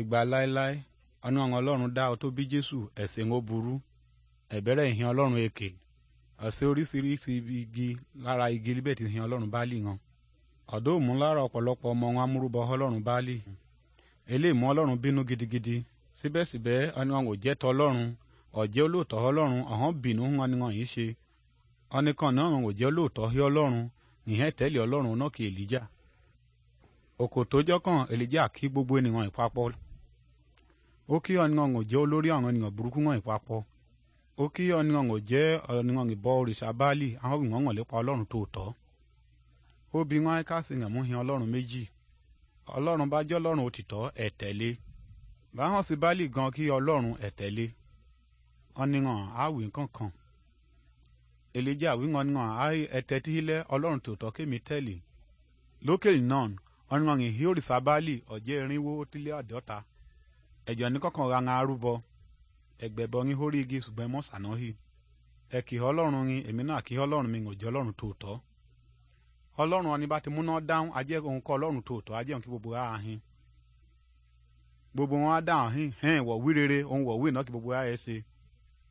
ìgbà láéláé àánú àwọn ọlọ́run dá ọ tó bí jésù ẹ̀sìn ó burú ẹ̀bẹ̀rẹ̀ ìhìn ọlọ́run èkè ọ̀sẹ̀ oríṣiríṣi igi lára igi líbẹ̀tì ìhìn ọlọ́run báálì hàn ọ̀dọ́ òmù lára ọ̀pọ̀lọpọ̀ ọmọ wọn amúrúbọ ọlọ́run báálì eléyìí mú ọlọ́run bínú gidigidi síbẹ̀síbẹ̀ ọni wọn ò jẹ́ tọ ọlọ́run ọ̀jẹ́ olóòtọ́ ọlọ́run ọ̀hán bínú wọn ni wọn yìí ṣe ọnìkan náà wọn ò jẹ́ olóòtọ́ ọlọ́run ìhẹ́ tẹ́lẹ̀ ọlọ́run náà kì Èlíjà òkò tó jọ́kàn Èlíjà kí gbogbo ènìyàn ìpapọ̀ okion ŋo ŋo je olórí àwọn ènìyàn burúkú ŋo ìpapọ̀ okion ŋo ŋo je ènìyàn ìbọ òrìṣà báàlì àwọn òbí wọn ŋo lépa ọlọ́run tòótọ́ obi wọn ká sì yàn mú hin ọlọ́run méjì ọlọ́run bá jẹ́ ọlọ́run òtítọ́ ẹ̀ tẹ̀lé báwọn sì báàlì gan kí ọlọ́run ẹ̀ tẹ̀lé ọ̀nìyàn àwìn kankan èlejò àwìn ọ̀nìyàn ẹ̀ tẹ̀tí ilẹ̀ ọlọ́run tòótọ́ kémi tẹ̀lé lókè náà ọ̀nìyàn ìhí òrìṣà báàlì ọ̀jẹ́ irinwó ó tilé àdọ́ta ẹjọ nìkọ̀kan ra ŋa arúbọ ẹgbẹ̀bọ ní hórí igi ṣùgbọ́n ẹ mọ́ sànáhì ẹ kì í ọlọ́run rin èmi náà kì í ọlọ́run mi ń jẹ́ ọlọ́run tòótọ́ ọlọ́run ọni bá ti múná dáhùn ajẹ́ òun kọ́ ọlọ́run tòótọ́ ajẹ́ òun kí gbogbo ara hin gbogbo wọn á dáhùn hin hẹ́n wọ̀ wí rere òun wọ̀ wí iná kí gbogbo ara ẹ ṣe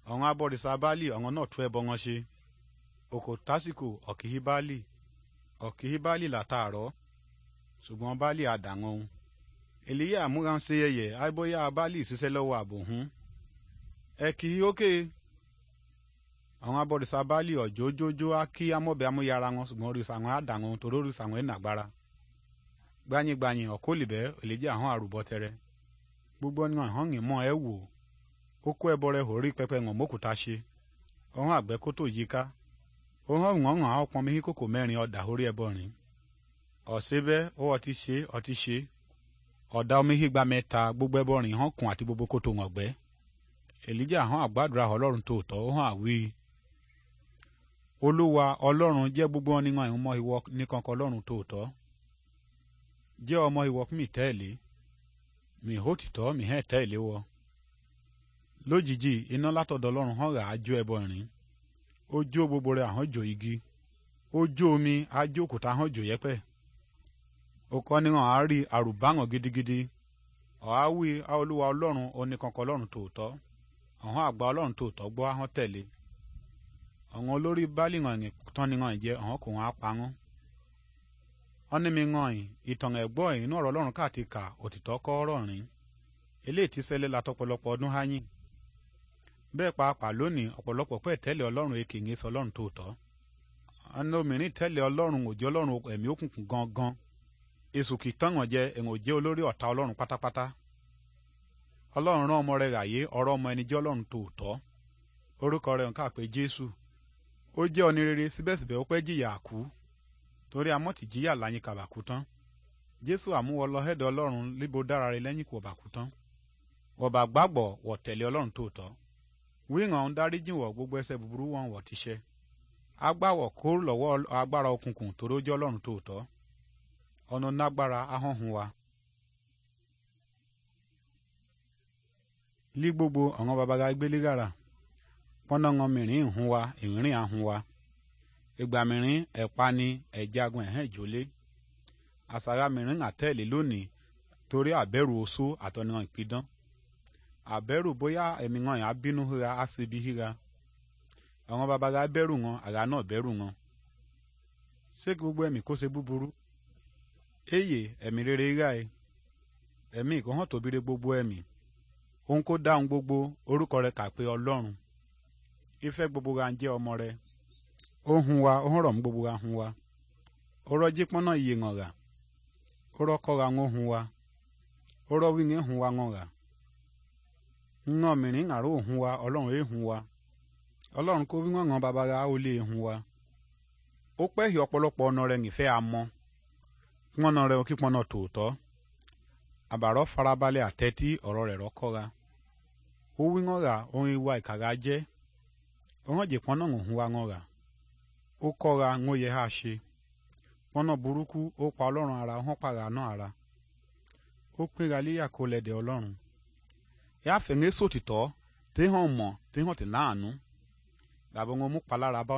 ọ̀run abọ́rìṣà báàlì ọ̀run náà tún ẹbọ wọn ṣe òkò tásìkò ọ̀kìhí báàlì ọ̀kìhí báàlì làtàárọ̀ ṣùgbọ́n báàlì àdàwọn ohun èlíyà múránṣe ẹyẹ àìbóyá abálì ṣiṣẹ́ lọ́wọ́ àbòhún ẹ kì í ókè àwọn abọ̀rìṣà baálì ọ̀jọ́jọ́jọ́ á kí amọ̀bẹ̀ amúyára wọn ṣùgbọ́n orí sàwọn àdàwọn torí orí sàwọn ẹ̀nàgbára gbanyigbanyin ọ̀kólìbẹ́ èlíjà hàn tẹrẹ gbogbo ní ọ̀hán yìí ẹ wò ó kó ẹbọ pẹpẹ wọn mọ́kùtà ṣe ọ̀hán àgbẹ̀ kó tó yí ká kókò orí ọ̀dà omi hígba mẹ́ta gbogbo ẹbọrin hàn kùn àti gbogbo kòtò wọn gbẹ́ èlíjà hàn àgbàdúrà ọlọ́run tòótọ́ ó hàn àwí olúwa ọlọ́run jẹ́ gbogbo wọn níwọ̀n ìmọ̀ ìwọ nìkankan ọlọ́run tòótọ́ jẹ́ ọmọ ìwọ mi tẹ́ẹ̀lé mi hó tìtọ́ mi wọ lójijì iná látọ̀dọ̀ ọlọ́run hàn rà á jó ẹbọ ó jó gbogbo rẹ̀ igi ó omi á jó òkúta okọ́ni ni á rí àrùbáhàn gidigidi ọ̀há wí olúwa ọlọ́run oníkankan ọlọ́run tòótọ́ ọ̀hán àgbà ọlọ́run tòótọ́ gbọ́ ahọ́n tẹ̀lé ọ̀hán olórí báàlì hàn tọ́ni hàn jẹ́ ọ̀hán kò hàn á pa wọ́n. wọ́n ní yìí ìtàn ẹ̀gbọ́ yìí inú ọ̀rọ̀ ọlọ́run káàtì kà òtítọ́ kọ́ ọ̀rọ̀ rìn eléyìí ti la ọdún bẹ́ẹ̀ èṣù kì í tán wọn jẹ èèyàn ò jẹ́ olórí ọ̀tá ọlọ́run pátápátá ọlọ́run rán ọmọ rẹ̀ ràyé ọ̀rọ̀ ọmọ ẹni jẹ́ ọlọ́run tòótọ́ orúkọ rẹ̀ nǹkan àpè jésù ó jẹ́ ọni rere síbẹ̀síbẹ̀ ó pẹ́ jìyà àkú torí amọ́tì jìyà láyìn kàbàkú tán jésù àmúwọ lọ hẹ́dẹ̀ ọlọ́run líbo dára rẹ̀ lẹ́yìn kò bàkú tán wọ̀bà gbàgbọ́ wọ̀ tẹ̀lé ọlọ́run tòótọ́ wíhàn ń dáríjì wọ̀ gbogbo ẹ̀ṣẹ̀ búburú wọn wọ̀ tíṣẹ́ agbáwọ̀ kó lọ́wọ́ agbára òkùnkùn torí ó jẹ́ ọlọ́run ọ̀nà nágbára ahọ́hùn wa. lí gbogbo àwọn babaga gbélégàrà pọ́nàngàn mìíràn hùn wa ìrìn àhùn wa ìgbà mìíràn ẹ̀pa ni ẹ̀jagun ẹ̀hẹ́n ìjọlé àṣàrà mìíràn àtẹ̀lé lónìí torí àbẹ̀rù oṣó àtọ̀nìyàn ìpidán àbẹ̀rù bóyá ẹ̀mí wọn yà bínú á sì bí àrà náà bẹ̀rù wọn ṣé gbogbo ẹ̀mí kó ṣe eye ẹ̀mí rere yá ẹ ẹ̀mí ìkọ́hàn tóbi re gbogbo ẹ̀mí òun kó dáhùn gbogbo orúkọ rẹ̀ kà ọlọ́run gbogbo ha ń jẹ́ ọmọ rẹ̀ ó hun wa ó rọ̀ mú gbogbo wa hun wa ó rọ́jí iye ńọ̀ rà ó rọ́kọ́ ra ńọ̀ hun wa hun wa mìíràn àrò hun wa ọlọ́run é hun wa ọlọ́run kó pọ́nà rẹ kí pọ́nà tòótọ́ farabalẹ farabalẹ̀ àtẹ́tí ọ̀rọ̀ rẹ̀ rọ́kọ́ra ó wí ńọ́ra orin wa ìkàrà jẹ́ ọ̀rọ̀ jì pọ́nà òhun wa ńọ́ra ó kọ́ra ńó yẹ á ṣe pọ́nà burúkú ó pa ọlọ́run ara hàn para náà ara ó pínra líyà kó lẹ́dẹ̀ ọlọ́run yà fẹ̀rẹ̀ sòtítọ́ téhàn mọ̀ téhàn tì láàánú làbọ̀ mú palára bá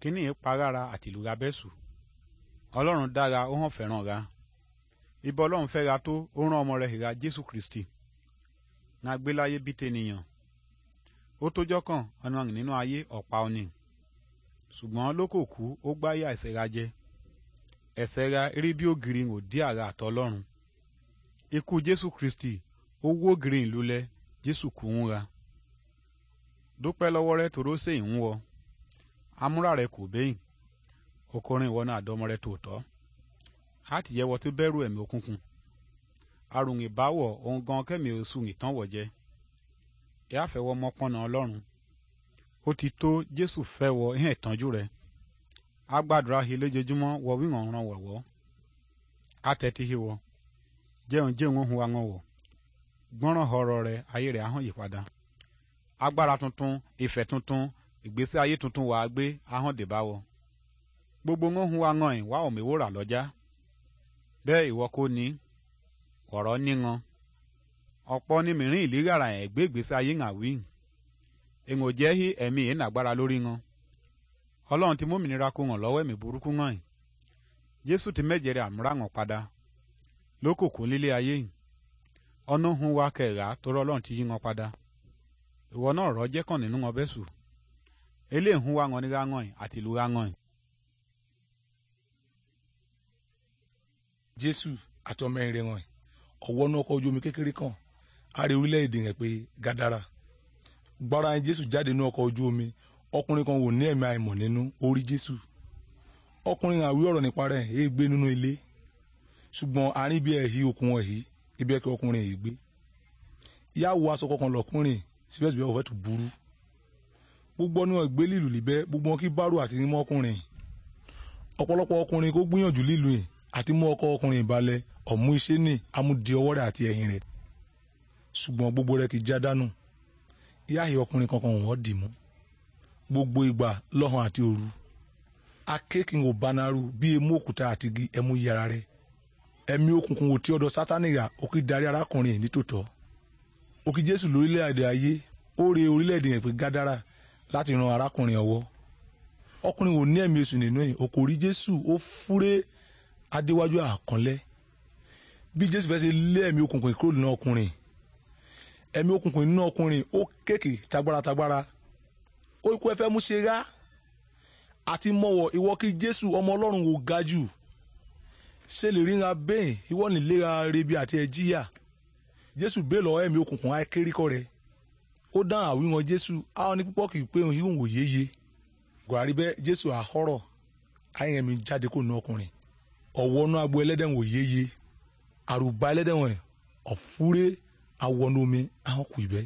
kíní ọlọ́run dára ó hàn fẹ́ràn ra ibi ọlọ́run fẹ́ tó ó rán ọmọ rẹ̀ jésù kristi na gbé láyé bí tènìyàn ó tójọ́ kan ọ̀nà rìn nínú ayé ọ̀pá ọ̀nì ṣùgbọ́n lókò kú ó gbáyé àìsẹ̀ ra jẹ ẹ̀sẹ̀ rí bí ògiri ikú jésù kristi ó wó ògiri jésù kú ń ra dúpẹ́ lọ́wọ́ tòró ń wọ okòrin ìwọ náà àdọ́mọ rẹ tòótọ́ àti yẹwọ tó bẹ̀rù ẹ̀mí òkùnkùn arùn ìbáwọ̀ ohun gan kẹ́mi oṣù nìtàn wọ̀ jẹ́ ẹ àfẹ́wọ́ mọ́pọ́nà ọlọ́run ó ti tó jésù fẹ wọ ihàn ìtọ́jú rẹ á gbàdúrà hi lójoojúmọ́ wọ wíwọ̀n ràn wọ̀wọ́ á tẹ́tí hi wọ jẹun jẹun ohun àwọn wọ̀ gbọ́nràn ọ̀rọ̀ rẹ ayé rẹ̀ ahọ́n yípadà agbára tuntun ìfẹ́ tuntun ìgbésí ayé tuntun wàá gbé ahọ́n dèbá wọ gbogbo ń hu aŋọ ìn wá òmìwò rà lọ́jà bẹ́ẹ̀ ìwọ kò ní kọ̀rọ̀ nígan ọ̀pọ̀ ni mìíràn ìlígàrà ẹ̀ gbé ìgbésí ayé ń àwí èèyàn jẹ́ hí ẹ̀mí yìí nàgbára lórí wọn ọlọ́run ti mú mìnira kó lọ́wọ́ ẹ̀mí burúkú hàn yìí jésù ti àmúra padà lókòkò ayé yìí hun wa ọlọ́run ti yí padà náà nínú bẹ́sù wa yìí jésù àti ọmọ ẹ̀rìn wọn ọ̀wọ́ náà ọkọ̀ ojú omi kékeré kan ààrẹ orílẹ̀-èdè yẹn pé gádàrà gbára jésù jáde ní ọkọ̀ ojú omi ọkùnrin kan wò ní ẹ̀mí àìmọ̀ nínú orí jésù ọkùnrin àwí ọ̀rọ̀ nípa rẹ̀ èé gbé nínú ilé ṣùgbọ́n àárín bí ẹ̀hí òkun ẹ̀hí ibi ẹ̀kẹ́ ọkùnrin èé gbé yá wo aṣọ kankan lọ́kùnrin síbẹ̀síbẹ̀ ọ̀fẹ́ tó burú gbogbo ọ̀nà ìgbé lílù líbẹ́ gbogbo wọn kí bárò àti nímọ́ ọkùnrin ọ̀pọ̀lọpọ̀ ọkùnrin kó gbìyànjú lílù yìí àti mú ọkọ ọkùnrin ìbalẹ̀ ọ̀mú iṣẹ́ ní amúdi ọwọ́ rẹ̀ àti ẹ̀yìn rẹ̀ ṣùgbọ́n gbogbo rẹ̀ kì í já dánù yáàyè ọkùnrin kankan wọ́n dì mú gbogbo ìgbà lọ́hàn àti òru akékin ò banaru bí emú òkúta àti igi ẹmú yàrá rẹ̀ ẹ̀mí òkùnkùn òtí ọ̀dọ̀ sátánì yà òkì darí arákùnrin yìí nítòótọ́ òkì jésù lórílẹ̀-èdè ayé ó re orílẹ̀-èdè yẹn pé gádàrà láti ran arákùnrin ọwọ́ ọkùnrin ò ní ẹ̀mí èṣù nínú ẹ̀ òkò rí jésù ó fúré adéwájú àkànlẹ́ bí jésù fẹ́ ṣe lé ẹ̀mí òkùnkùn kúrò nínú ọkùnrin ẹ̀mí òkùnkùn nínú ọkùnrin ó kéèké tagbára tagbára ó kú ẹfẹ́ mú ṣe rá àti mọ̀wọ̀ ìwọ kí jésù ọmọ ọlọ́run wò ga jù ṣe lè ríran bẹ́ẹ̀ ìwọ nílera rebi àti ẹ̀jíyà jésù bẹ́ẹ̀ lọ́wọ́ ẹ̀mí òkùnkùn akérèkọ́ rẹ̀ ó dán àwíwọn jésù àwọn ní púpọ̀ kì í pé òun yóò wò yéye Buhari bẹ́ẹ̀ jésù àhọ́rọ̀ ayẹyẹmí jáde kó nu ọkùnrin ọ̀wọ́nú agbo ẹlẹ́dẹ̀ wò yéye àrùbá ẹlẹ́dẹ̀ wọ̀n ọ̀fúré awọ́nú omi àwọn kù ibẹ̀.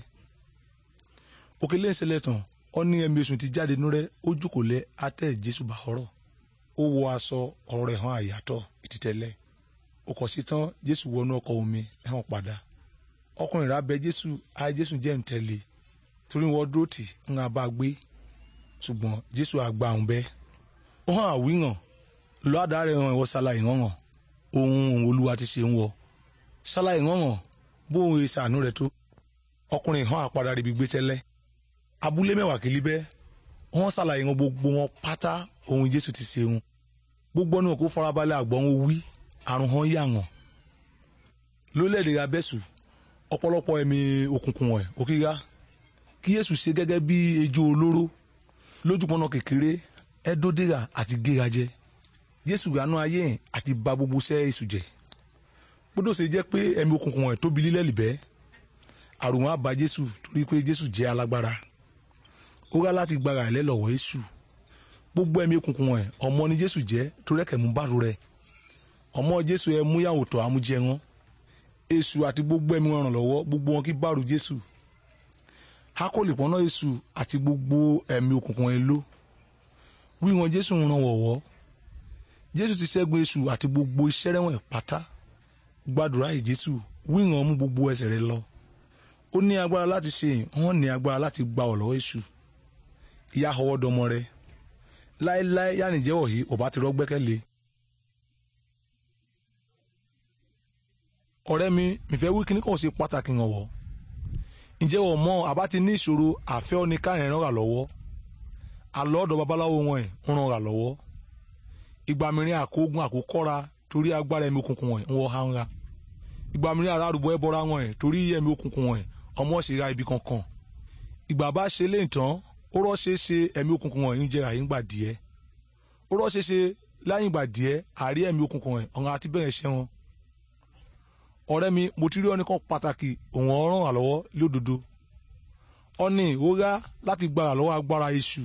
òkèlè ìṣẹ̀lẹ̀ tán ọ ní ẹ̀mí èsùn ti jáde nú rẹ ó jókòó lẹ atẹ́ jésù bá ọ̀rọ̀ ó wọ aṣọ ọ̀rọ̀ rẹ̀ hàn àyàtọ̀ ìtìtẹ́lẹ̀ ọkọ̀ sí tán jésù wọnú ọkọ̀ omi ẹ̀hàn padà ọkùnrin rà bẹ jésù ayé jésù jẹ́ ntẹ̀lé torí wọn dúró tì ń abá gbé ṣùgbọ́n jésù àgbà ń bẹ́ ó hàn àwíhàn lọ́àdá rẹ̀ hàn ìwọ ṣàlàyé hàn ohun olúwa ti ṣe ń wọ ṣàlàyé hàn bóun èsì àánú rẹ̀ tó ọkùnrin hàn àpàdà rẹ̀ ibi gbé tẹ́lẹ̀ abúlé mẹ́wàá kìlí bẹ́ẹ̀ wọ́n ṣàlàyé hàn gbogbo wọn pátá ohun jésù ti ṣe ń gbogbo ọ̀nà kó farabalẹ̀ àgbọ̀n wí àrùn hàn yà hàn lólẹ́ẹ̀dẹ̀ abẹ́sù ọ̀pọ̀lọpọ̀ ẹ̀mí òkùnkùn ẹ̀ òkìyà kí yéṣù ṣe gẹ́gẹ́ bí ejò olóró lójúpọ̀nà kékeré ẹ̀dódéra àti gérajẹ́ jésù àánú ayé yẹn àti ba gbogbo iṣẹ́ èṣù jẹ́ gbọ́dọ̀ ṣe jẹ́ pé ẹ̀mí òkùnkùn ẹ̀ tóbi lílẹ̀ lìbẹ́ àrùn á ba jésù torí pé jésù jẹ́ alágbára ó rá láti gbára ẹ̀ lẹ́lọ́wọ́ èṣù gbogbo ẹ̀mí òkùnkùn ẹ̀ ọmọ ni jésù jẹ́ torí ẹ̀kẹ́ mú bàrù rẹ̀ ọmọ jésù ẹ̀ múyàwó tọ̀ àmújẹ wọn èṣù àti gbogbo ẹ̀mí wọn ràn lọ́wọ́ gbogbo wọn kí bàrù jésù akólèpọ̀nà èṣù àti gbogbo ẹ̀mí òkùnkùn ẹ̀ ló wíwọn jésù ràn wọ̀wọ́ jésù ti ṣẹ́gun èṣù àti gbogbo iṣẹ́ rẹ̀wọ̀n pátá gbàdúrà yìí jésù wíwọ̀n mú gbogbo ẹsẹ̀ rẹ lọ ó ní agbára láti ṣe hàn ní agbára láti gba ọ̀lọ́ èṣù ìyá ọwọ́dọmọ rẹ láéláé yánìjẹ́wọ̀ yìí ọba ti rọ́gbẹ́kẹ̀lé ọ̀rẹ́ mi mìfẹ́ wí kíní kàn ṣe pàtàkì hàn ǹjẹ́ wọ́n mọ̀ àbá ti ní ìṣòro àfẹ́ ọ́ni káàrin ràn wá lọ́wọ́ àlọ́ ọ̀dọ̀ babaláwo wọn ẹ̀ ń ràn wá lọ́wọ́ ìgbàmìrin àkógun àkókọ́ra torí agbára ẹ̀mí òkùnkùn wọ̀nyí ń wọ hánra ìgbàmìrin ara àrùbọ̀ ẹbọra wọ̀nyí torí ẹ̀mí òkùnkùn wọ̀nyí ọmọ ṣe ra ibi kankan ìgbà bá ṣe lé ìtàn ó rọ́ ṣe é ṣe ẹ̀mí òkùnkùn wọ̀nyí ń jẹrà yín gbà díẹ̀ ó rọ́ ṣe é ṣe láyìn ìgbà díẹ̀ àárí ẹ̀mí òkùnkùn wọ̀nyí ọ̀ràn àti bẹ̀rẹ̀ ṣẹ́ wọn ọ̀rẹ́ mi mo ti rí ọ nìkan pàtàkì òun ọ̀ràn àlọ́wọ́ lódodo ọ̀nì ó rá láti gbàrà lọ́wọ́ agbára èṣù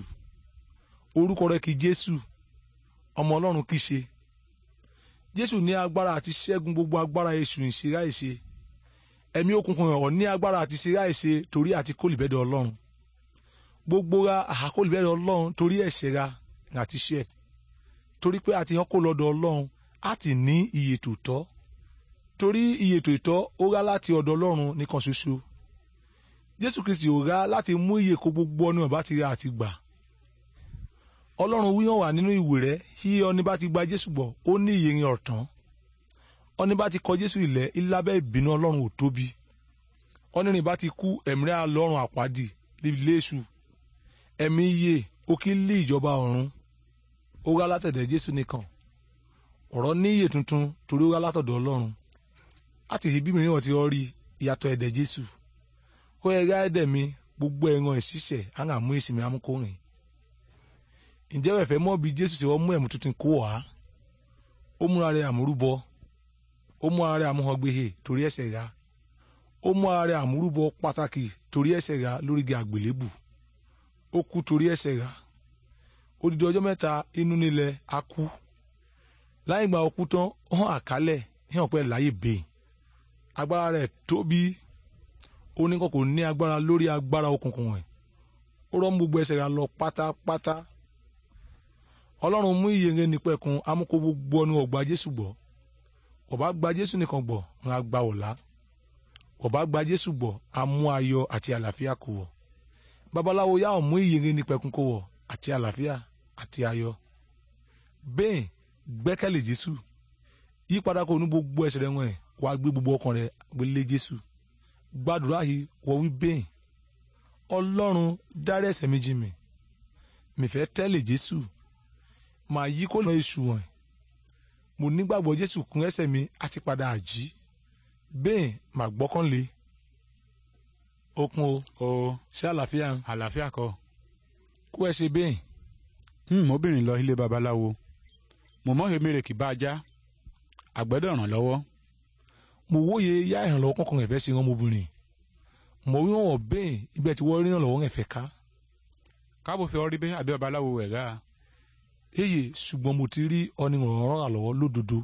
orúkọ rẹ̀ kì í Jésù ọmọ ọlọ́run kìí ṣe jésù ní agbára àti ṣẹ́gun gbogbo agbára èṣù ìṣerá ìṣe ẹ̀mí òkùnkùn ọ̀ ní agbára àti ṣerá ìṣe torí àti kólìbẹ́dẹ̀ ọlọ́run gbogbo ra àkólìbẹ́dẹ̀ ọlọ́run torí ẹ̀ṣẹ̀ ra àti ṣẹ̀ torí pé àti ọkọ̀ lọ́dọ̀ ọlọ́run á ti ní iye tó tọ́ torí iye tó tọ́ ó rá láti ọ̀dọ̀ ọlọ́run nìkan ṣoṣo jésù kristi ò rá láti mú iye kó gbogbo ọ̀nà ọlọ́run wíhàn wà nínú ìwé rẹ̀ yí ọni bá ti gba jésù gbọ́ ó ní ìyẹn ọ̀tán ọni bá ti kọ jésù ilẹ̀ ilábẹ́ ìbínú ọlọ́run ò tóbi ọnìrìn bá ti kú ẹ̀mìrẹ́ alọ́run àpáàdì léṣu ẹ̀mí iye ó kí lé ìjọba ọ̀run ó wá látẹ̀dẹ̀ jésù nìkan ọ̀rọ̀ ní iye tuntun torí ó wá látọ̀dọ̀ ọlọ́run láti ìbí mìíràn wọ́n ti rí ìyàtọ̀ ẹ̀dẹ̀ jésù ó yẹ ẹ̀dẹ̀ mi gbogbo ẹ̀ràn ìṣiṣẹ́ àwọn àmú ìsinmi amúkórìn ǹjẹ́ wẹ̀ fẹ́ mọ̀ bí jésù ṣe wọ́n mú ẹ̀mú tuntun kó wá ó múra rẹ̀ àmúrúbọ ó múra rẹ̀ àmúhọgbéhe torí ẹ̀ṣẹ̀ ya ó múra rẹ̀ àmúrúbọ pàtàkì torí ẹ̀ṣẹ̀ ya lórígi àgbélébù ó kú torí ẹ̀ṣẹ̀ ya odidi ọjọ́ mẹ́ta inú nílẹ̀ á kú láì gba ọkú tán ó hàn àkálẹ̀ hàn pẹ́ láyè bẹ́ẹ̀ agbára rẹ̀ tóbi ó ní kọ́kọ́ ní agbára lórí agbára òkùnkùn ẹ̀ ó rọ́ mú gbogbo ẹ̀ṣẹ̀ ya lọ pátápátá ọlọ́run mú ìyẹnge nípẹ̀kun amúkó gbogbo ọnu ọ̀gbà jésù gbọ́ ọ̀bá gba jésù nìkan gbọ́ ń gba ọ̀la ọ̀bá gba jésù gbọ́ amú ayọ̀ àti àlàáfíà kò wọ̀ babaláwo yá ọ̀ mú ìyẹnge nípẹ̀kun kò wọ̀ àti àlàáfíà àti ayọ̀ bẹ́ẹ̀ gbẹ́kẹ̀lé jésù yípadà kò ní gbogbo ẹ̀ṣẹ̀ rẹ̀ wọ̀nyẹn wàá gbé gbogbo ọkàn rẹ̀ gbé lé jésù gbàdúrà yìí wọ wí bẹ́ẹ̀ ọlọ́run dárí ẹ̀ṣẹ̀ mi jì mí jésù màá yí kó lọ èṣù hàn mo nígbàgbọ́ jésù kún ẹ̀ṣẹ̀ mi àti padà àjí bẹ́ẹ̀ màá gbọ́kànlé okun o. o ṣé àlàáfíà ń. àlàáfíà kọ́. kó ẹ ṣe bẹ́ẹ̀. hmm obìnrin lọ ilé babaláwo mọ̀mọ́ emere kì bá a já àgbẹ̀dọ̀ ràn lọ́wọ́. mo wòye yá ìrànlọ́wọ́ kankan ẹ̀fẹ́ ṣe ọmọbìnrin mo wí wọn bẹ́ẹ̀ ibẹ̀ tí wọ́n rí ìrànlọ́wọ́ ẹ̀fẹ́ ká. káàbọ̀ sọ rí bẹ́ẹ̀ àbí babaláwo ẹ̀ gáà eye ṣùgbọ́n mo ti rí ọ̀nìrànràn àlọ́wọ́ lódodo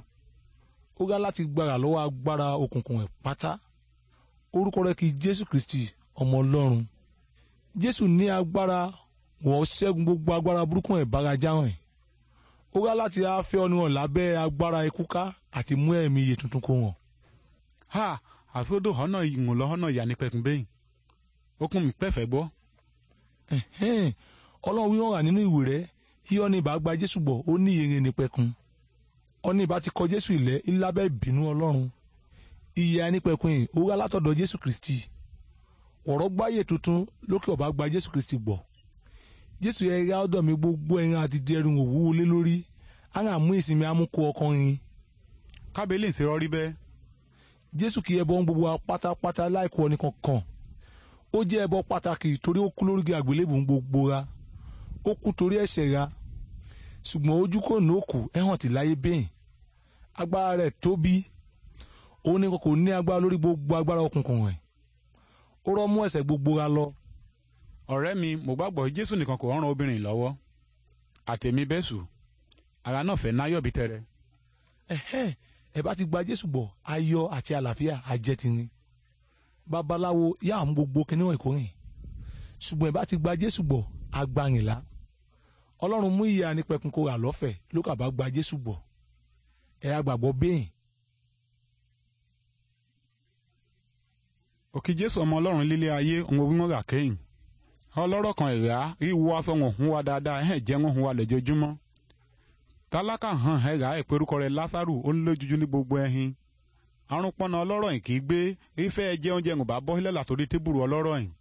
ó gá láti gbára lọ́wọ́ agbára òkùnkùn ẹ̀ pátá orúkọ rẹ̀ kì jésù kristi ọmọ ọlọ́run jésù ní agbára wọ́n ṣẹ́gun gbogbo agbára burúkú ẹ̀ bágajá hàn ó gá láti afẹ́ ọ̀nìràn lábẹ́ agbára ikú ká àti mú ẹ̀mí iye tuntun kó hàn. ha àtúndò ọ̀nà ìmùlọ́ọ̀nà ìyá ni pẹ̀kún bẹ́yìn ó kún mi pẹ́fẹ́ gbọ́. ọlọ́run wíwọ́n wà nínú ìwé rẹ̀ yíyọ́ ní ìbá gba jésù gbọ́ ó ní iye ní pẹ̀kun ọní ìbá ti kọ jésù ilẹ̀ ńlábẹ́ ìbínú ọlọ́run iye anípẹ̀kun yìí ó wá látọ̀dọ̀ jésù kristi ọ̀rọ̀ gbáyé tuntun lókè ọ̀bá gba jésù kristi gbọ́ jésù yẹ ya ọ̀dọ̀ mi gbogbo ẹran àti dẹrùn òwú lé lórí á ń àmú ìsinmi amúkó ọkàn yín. kábẹ́lì ti rọrí bẹ́ẹ̀. jésù kì í ẹbọ ohun gbogbo wa pátápátá láìkù ọ̀nìkan kan ó jẹ́ ẹbọ pàtàkì torí ó kú lórí àgbélébùú gbogbo wa ó kú torí ẹ̀ṣẹ̀ ra ṣùgbọ́n ojú kò ní òkú ẹ̀hàn tí láyé bẹ́yìn agbára rẹ̀ tóbi òun ní kò ní agbára lórí gbogbo agbára òkùnkùn rẹ̀ ó rọ́ mú ẹ̀ṣẹ̀ gbogbo ra lọ. ọ̀rẹ́ mi mo gbàgbọ́ jésù nìkan kò rán obìnrin lọ́wọ́ àtẹ̀mí bẹ́sù ara náà fẹ́ náyọ̀ bí tẹ́rẹ. ẹ̀hẹ́ ẹ bá ti gba jésù bọ̀ ayọ̀ àti àlàáfíà àjẹtìrin babaláwo yáà mú gbogbo kíní wọn ṣùgbọ́n ẹ bá ti gba jésù bọ̀ agbárinlá ọlọ́run mú ìyá nípẹ̀kun kó rà lọ́fẹ̀ẹ́ ló kà bá gba jésù gbọ́ ẹ̀ agbàgbọ́ bẹ́ẹ̀. òkè jésù ọmọ ọlọ́run lílé ayé òun wíwọ́n rà kẹ́yìn ọlọ́rọ̀ kan ẹ̀rá ríwo aṣọ wọn hun wa dáadáa ẹ̀ jẹ́ wọn hun wa lẹ́jọ́júmọ́ tálákà hàn ẹ̀rá ìperúkọ rẹ̀ lásàrù ó ń lójújú ní gbogbo ẹ̀hìn arúnpọ́nà ọlọ́rọ̀ yìí kì í gbé ìfẹ́ jẹ oúnjẹ ń bọ́ sílẹ̀ látòrí tébùrù ọlọ́rọ̀ yìí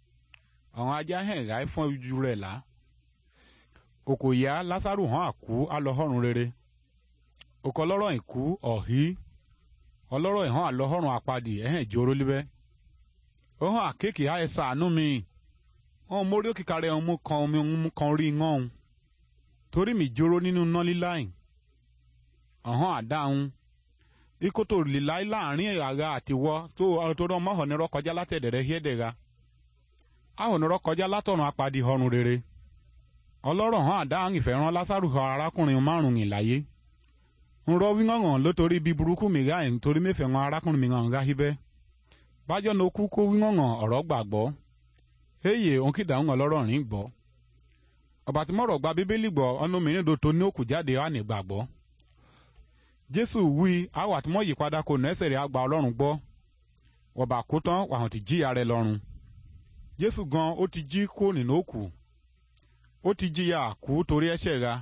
àwọn ajá ẹ̀rá fọ́n ojú rẹ̀ là òkòyà lásàrù hàn àkú alọ́họ́rùn rere òkò ọlọrọ ìkú ọ̀hí ọlọ́rọ̀ ìhàn alọ́họ́rùn àpàdì ẹ̀hẹ́n ìjọ libẹ. ó hàn àkéèké àyè mi ọ̀hún mórí kan omi ọ̀hún kan rí iná torí mi nínú àdáhùn kọjá rere ọlọ́rọ̀ hàn àdáhàn ìfẹ́ràn lásàrù arákùnrin márùn-ún láyé ńrọ wíńgàngàn ló torí bí burúkú mi gáà ń torí mẹ́fẹ̀ràn arákùnrin mi hàn gáhíbẹ́ bájọ́ ní okú kó wíńgàngàn ọ̀rọ̀ gbàgbọ́ eye òun kìdá ń ọlọ́rọ̀ rìn gbọ́ ọ̀bà tí mọ̀rọ̀ gba bíbélì gbọ́ ọ̀nà òmìnir do tó ní òkú jáde wà ní gbàgbọ́ jésù wí àwọn àtúmọ̀ yìí kò nù ẹsẹ̀ rẹ̀ àgbà ọlọ́run gbọ́ ọ̀bà kó tán wàhùn ti jí ara ẹ lọ́run jésù gan ó ti jí kó nínú òkú ó ti jìyà kú torí ẹ̀ṣẹ̀ ra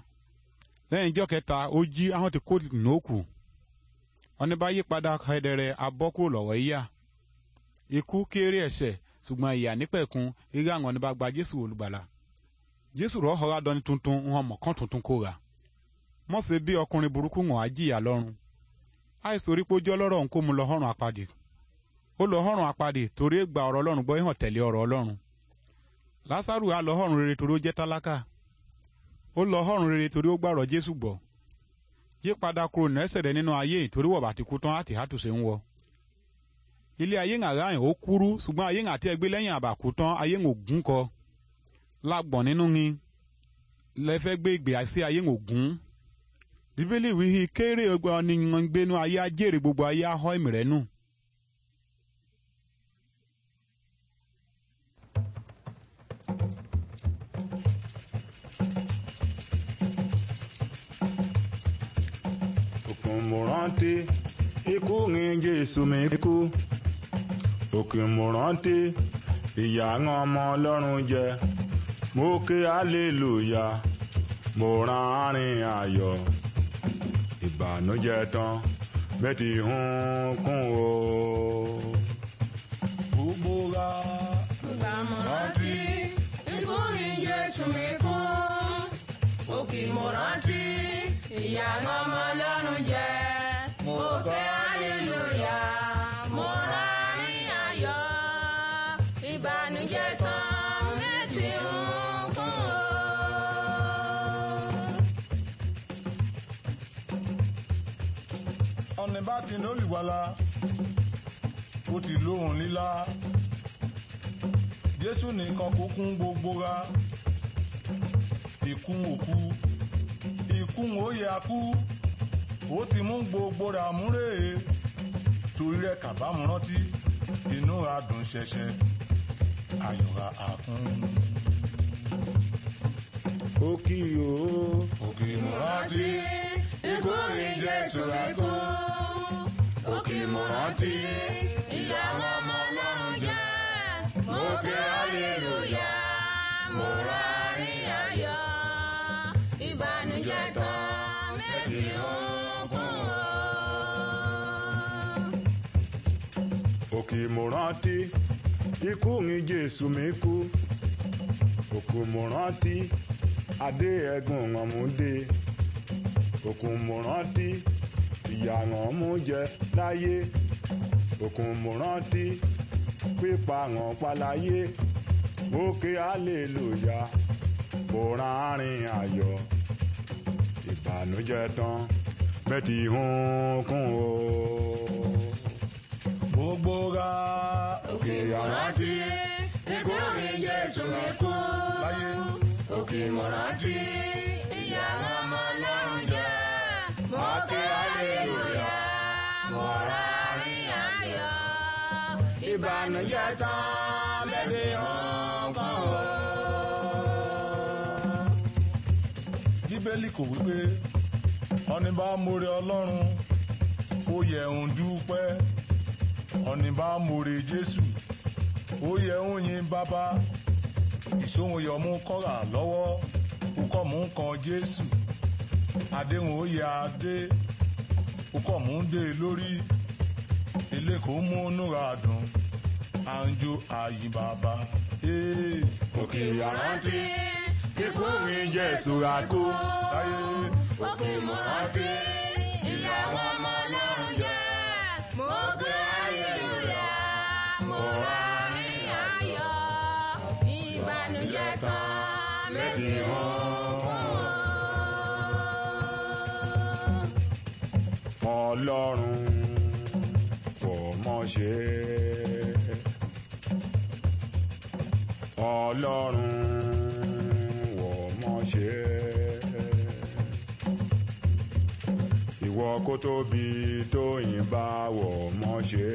lẹ́yìn ijọ́ kẹta ó jí àwọn ti kó nóòkù ọ̀ní bá yí padà kẹ́dẹ̀rẹ̀ abọ́ kúrò lọ́wọ́ yíyà ikú kéré ẹ̀ṣẹ̀ ṣùgbọ́n ìyà nípẹ̀kun irú àwọn ọ̀ní bá gba Jésù olùgbàlà Jésù rọ̀ dọ́ni tuntun ń hàn mọ̀kàn tuntun kó ra mọ̀sẹ̀ bí ọkùnrin burúkú wọn á jìyà lọ́run àìsàn orí pójú ọlọ́rọ̀ ń kó mu lọ ọ̀run ó lọ ọ̀run torí ìgbà ọ̀rọ̀ ọlọ́run gbọ́ ìhàn tẹ̀lé ọ̀rọ̀ ọlọ́run lásàrù á lọ ọ̀run rere torí ó jẹ́ tálákà ó lọ ọ̀run rere torí ó gbàrọ̀ jésù gbọ́ yí padà kúrò nẹ́sẹ̀ rẹ nínú ayé torí wọ̀ bàtí kú tán àti hàtùsẹ̀ ń wọ. ilé ayé ń àrà ó kúrú ṣùgbọ́n ayé ń àti ẹgbẹ́ lẹ́yìn àbàkú tán ayé ń ògún kọ lágbọ̀n nínú ni lẹ́fẹ́ gbé ìgbé sí ayé ń ògún. bíbélì wíhí kéré ọgbà ọ̀nìyàn gbénú ayé ajére gbogbo ayé ahọ́ ìmìrẹ́nù. mo ikú ní jésù mi kú òkè mo ìyá àwọn ọmọ ọlọ́run jẹ mo ké hallelúyà mo rán arìn ayọ̀ ìbànújẹ́ tán bẹ́ẹ̀ ti hún kún o. gbogbo wa. ìgbà ikú ní jésù mi kú òkè mo ìyànà ọmọ lọ́rùn jẹ́ mo ké hallelúyà mo rà ní ayọ̀ ìbànújẹ́ tán létí ń kún o. ọ̀nì bá ti ní olùwàlà ó ti lóhùn lílá jésù nìkan kó kún gbogbo ra ìkún òkú ikú òye akú ó ti mú gbogbo rà múrè torí rẹ kàbámu rántí inú adùn ṣẹ̀ṣẹ̀ ayọ̀ra àkún. Òkìyò òkìyò rántí ikú ní Jésù ẹ̀kú òkìyò rántí ìyá ọmọ ọlọ́run jẹ́ òkè hallelujah mo rà. okimurti ikụ mụiji esumiku okumuroti adighi ego nọmdi okumurti yaṅomuje tayi okumuruti kpikpa ṅụkpalayie nwoke alaelo ya ra ariya ayo ìbànújẹ́ tán bẹ́ẹ̀ ti hún kún o. gbogbo ra òkè ìrántí ìgúnrí Jésù mi kú òkè ìrántí ìyá ọmọ Ọlọ́run jẹ́ mọ́tò hallelujah mọ́ra rí àyọ̀ ìbànújẹ́ tán. bíbélì kò wípé ọni bá more ọlọ́run ó yẹ ń dúpẹ́ ọni bá more jésù ó yẹ kọ́ra lọ́wọ́ ukọ̀mú kan lórí mú núra dùn àǹjọ kíkúrin Jésù àkó. Ó pè mọ́ sí ìyàwó ọmọ Ọlọ́run jẹ́. Mo gbé àyèlúyà, mo wá rìn ayọ̀. Ìbànújẹ́ tán létí wọn. Ọlọ́run kò mọ̀ ṣe é. Ọlọ́run. ìwọ kó tóbi tóyìn bá wọ̀ mọ́ ṣe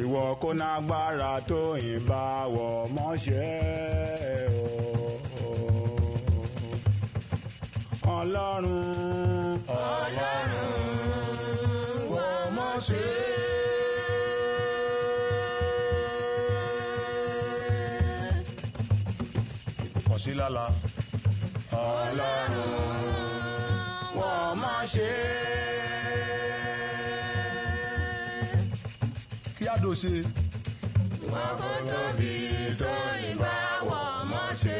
ìwọ kó nágbára tóyìn bá wọ̀ mọ́ ṣe ọlọ́run ọlọ́run wọ̀ mọ́ ṣe. kọ̀sílála ọlọ́run ọmọ ṣe. kí á dò ṣe. wọn kò tóbi tó ìbá wọ ọmọ ṣe.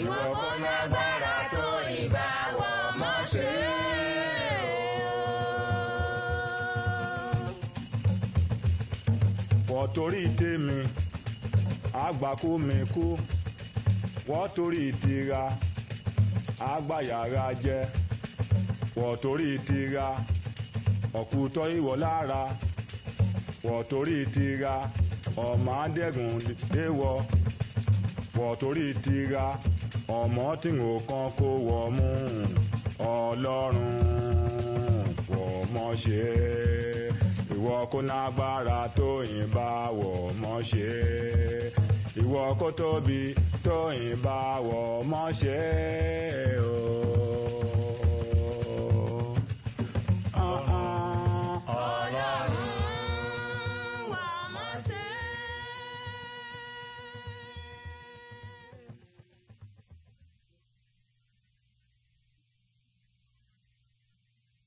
ìwọ kò lágbára tó ìbá wọ ọmọ ṣe. torí tèmi àgbà kú mi kú. wọ́n torí tira agbáyàrá jẹ́ wọ́n torí tira ọ̀kútọ́ ìwọ̀ lára wọ́n torí tira ọmọ adẹ́gùn léwọ́ wọ́n torí tira ọmọ tí ń kan kó wọ́ mú ọlọ́run wọ́ mọ́ ṣe ìwọ kó nágbára tó yìnbá wọ́ mọ́ ṣe. ìwọ kó tóbi tó ìbáwọ̀ mọ́ṣẹ́ o.